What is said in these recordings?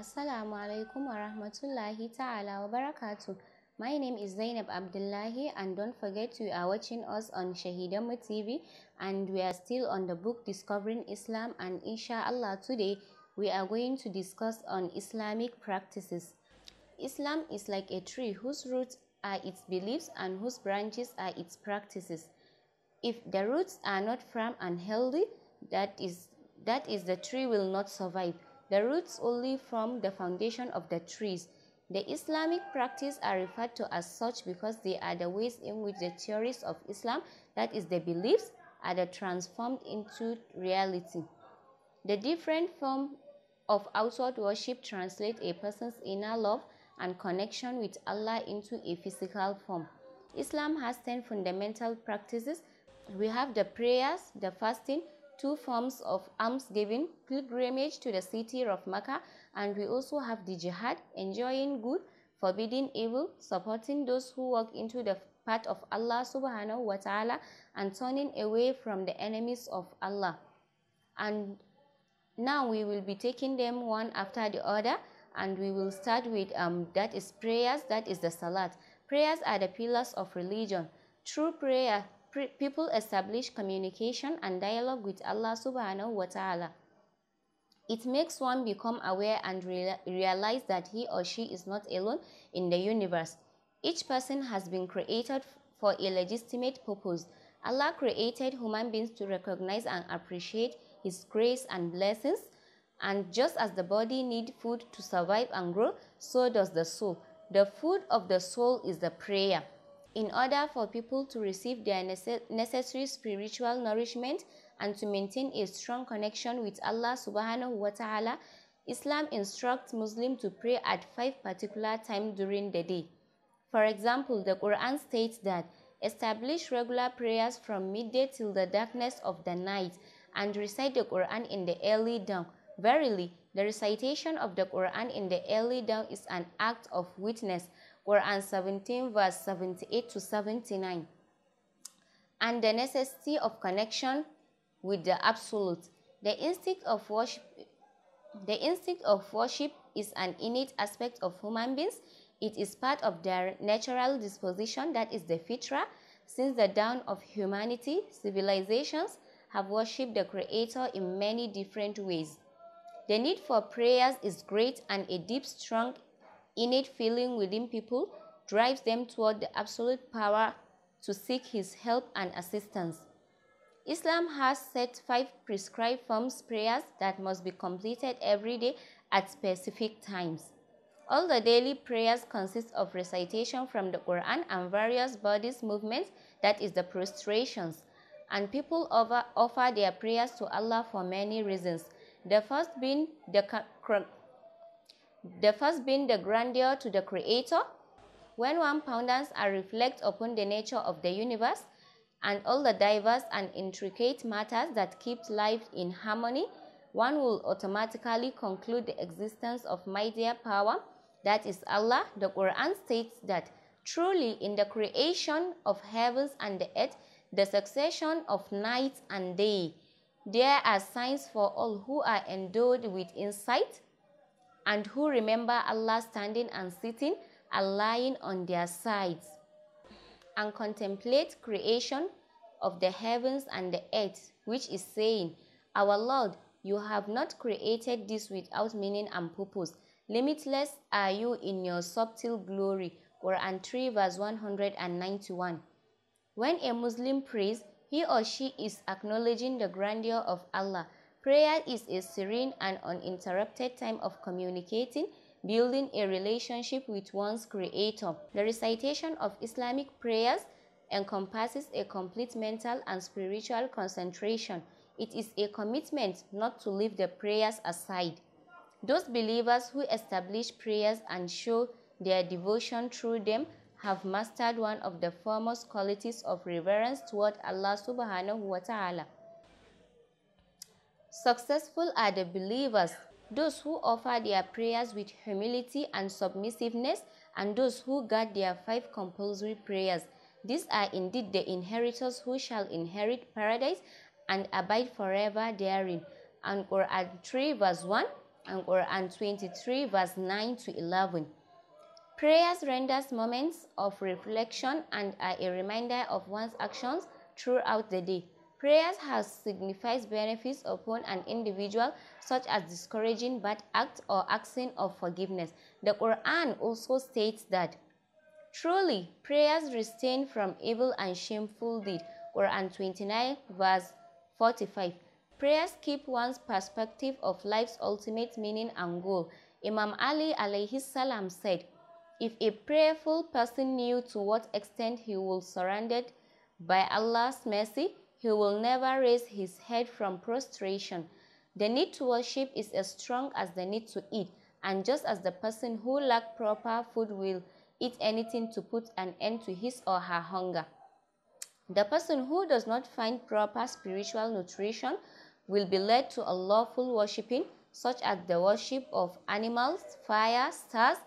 Assalamu alaikum wa rahmatullahi ta'ala wa barakatuh. My name is Zainab Abdullahi and don't forget you are watching us on Shahidamu TV and we are still on the book Discovering Islam and inshallah today we are going to discuss on Islamic practices. Islam is like a tree whose roots are its beliefs and whose branches are its practices. If the roots are not firm and healthy, that is, that is the tree will not survive. The roots only form the foundation of the trees. The Islamic practice are referred to as such because they are the ways in which the theories of Islam, that is the beliefs, are transformed into reality. The different form of outward worship translate a person's inner love and connection with Allah into a physical form. Islam has 10 fundamental practices. We have the prayers, the fasting, two forms of alms giving, pilgrimage to the city of Mecca, and we also have the jihad, enjoying good, forbidding evil, supporting those who walk into the path of Allah subhanahu wa ta'ala, and turning away from the enemies of Allah. And now we will be taking them one after the other and we will start with um, that is prayers, that is the salat. Prayers are the pillars of religion. True prayer people establish communication and dialogue with Allah subhanahu wa ta'ala. It makes one become aware and realize that he or she is not alone in the universe. Each person has been created for a legitimate purpose. Allah created human beings to recognize and appreciate His grace and blessings. And just as the body needs food to survive and grow, so does the soul. The food of the soul is the prayer in order for people to receive their necessary spiritual nourishment and to maintain a strong connection with Allah subhanahu wa ta'ala, Islam instructs Muslims to pray at five particular times during the day. For example, the Quran states that establish regular prayers from midday till the darkness of the night and recite the Quran in the early dawn. Verily, the recitation of the Quran in the early dawn is an act of witness. Quran 17, verse 78 to 79. And the necessity of connection with the Absolute. The instinct of worship, the instinct of worship is an innate aspect of human beings. It is part of their natural disposition, that is the fitra. Since the dawn of humanity, civilizations have worshipped the Creator in many different ways. The need for prayers is great and a deep, strong, innate feeling within people drives them toward the absolute power to seek His help and assistance. Islam has set five prescribed forms prayers that must be completed every day at specific times. All the daily prayers consist of recitation from the Quran and various body movements, that is the prostrations. And people offer their prayers to Allah for many reasons, the first being the, the first being the grandeur to the creator, when one ponders and reflects upon the nature of the universe and all the diverse and intricate matters that keep life in harmony, one will automatically conclude the existence of mightier power, that is Allah. The Quran states that truly in the creation of heavens and the earth, the succession of night and day, there are signs for all who are endowed with insight and who remember Allah standing and sitting and lying on their sides and contemplate creation of the heavens and the earth, which is saying, Our Lord, you have not created this without meaning and purpose. Limitless are you in your subtle glory. Quran 3 verse 191. When a Muslim prays, he or she is acknowledging the grandeur of Allah. Prayer is a serene and uninterrupted time of communicating, building a relationship with one's Creator. The recitation of Islamic prayers encompasses a complete mental and spiritual concentration. It is a commitment not to leave the prayers aside. Those believers who establish prayers and show their devotion through them have mastered one of the foremost qualities of reverence toward Allah subhanahu wa ta'ala. Successful are the believers, those who offer their prayers with humility and submissiveness, and those who guard their five compulsory prayers. These are indeed the inheritors who shall inherit paradise and abide forever therein. And Quran 3 verse 1 and Quran 23 verse 9 to 11. Prayers renders moments of reflection and are a reminder of one's actions throughout the day. Prayers has signifies benefits upon an individual such as discouraging bad acts or asking of forgiveness. The Quran also states that truly prayers restrain from evil and shameful deed. Quran 29 verse 45. Prayers keep one's perspective of life's ultimate meaning and goal. Imam Ali alayhi salam said, if a prayerful person knew to what extent he was surrounded by Allah's mercy, he will never raise his head from prostration. The need to worship is as strong as the need to eat, and just as the person who lacks proper food will eat anything to put an end to his or her hunger. The person who does not find proper spiritual nutrition will be led to unlawful worshipping, such as the worship of animals, fire, stars,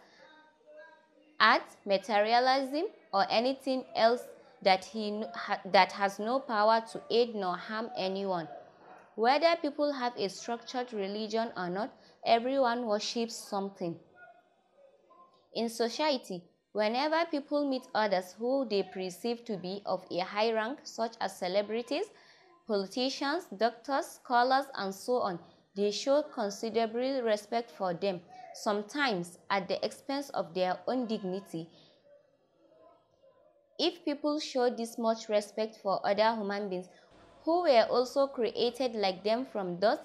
art, materialism, or anything else that, he, that has no power to aid nor harm anyone. Whether people have a structured religion or not, everyone worships something. In society, whenever people meet others who they perceive to be of a high rank, such as celebrities, politicians, doctors, scholars, and so on, they show considerable respect for them sometimes at the expense of their own dignity. If people show this much respect for other human beings who were also created like them from dust,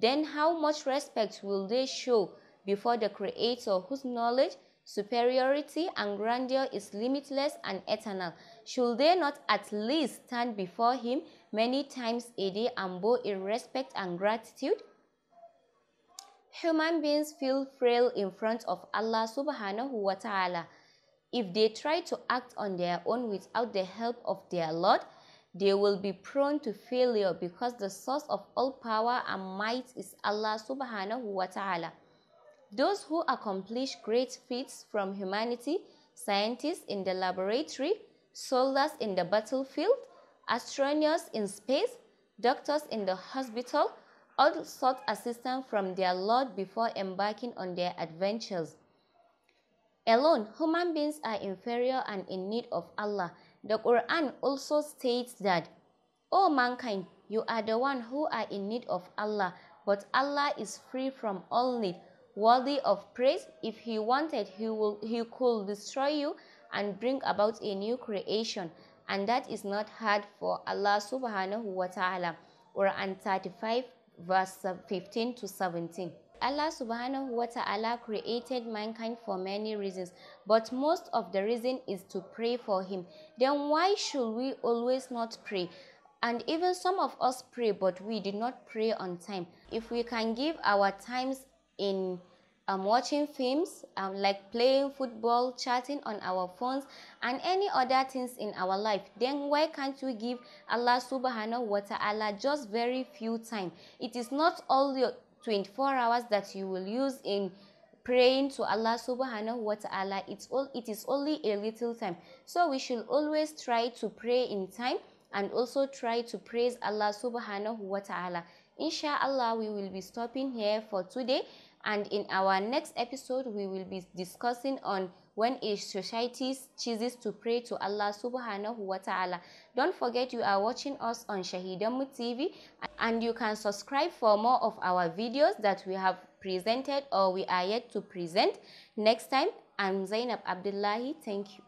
then how much respect will they show before the Creator whose knowledge, superiority, and grandeur is limitless and eternal? Should they not at least stand before Him many times a day and bow in respect and gratitude? Human beings feel frail in front of Allah subhanahu wa ta'ala. If they try to act on their own without the help of their Lord, they will be prone to failure because the source of all power and might is Allah subhanahu wa ta'ala. Those who accomplish great feats from humanity, scientists in the laboratory, soldiers in the battlefield, astronomers in space, doctors in the hospital, all sought assistance from their Lord before embarking on their adventures. Alone, human beings are inferior and in need of Allah. The Quran also states that, O mankind, you are the one who are in need of Allah, but Allah is free from all need, worthy of praise. If He wanted, He, will, he could destroy you and bring about a new creation, and that is not hard for Allah subhanahu wa ta'ala. Quran 35 verse 15 to 17. Allah subhanahu wa ta'ala created mankind for many reasons, but most of the reason is to pray for him. Then why should we always not pray? And even some of us pray, but we did not pray on time. If we can give our times in um, watching films, um, like playing football, chatting on our phones, and any other things in our life, then why can't we give Allah subhanahu wa ta'ala just very few time? It is not all your 24 hours that you will use in praying to Allah subhanahu wa ta'ala. It's all, it is only a little time. So we should always try to pray in time and also try to praise Allah subhanahu wa ta'ala. Inshallah, we will be stopping here for today and in our next episode we will be discussing on when a society chooses to pray to Allah subhanahu wa ta'ala. Don't forget you are watching us on Shahidamu TV and you can subscribe for more of our videos that we have presented or we are yet to present next time. I'm Zainab Abdullahi. Thank you.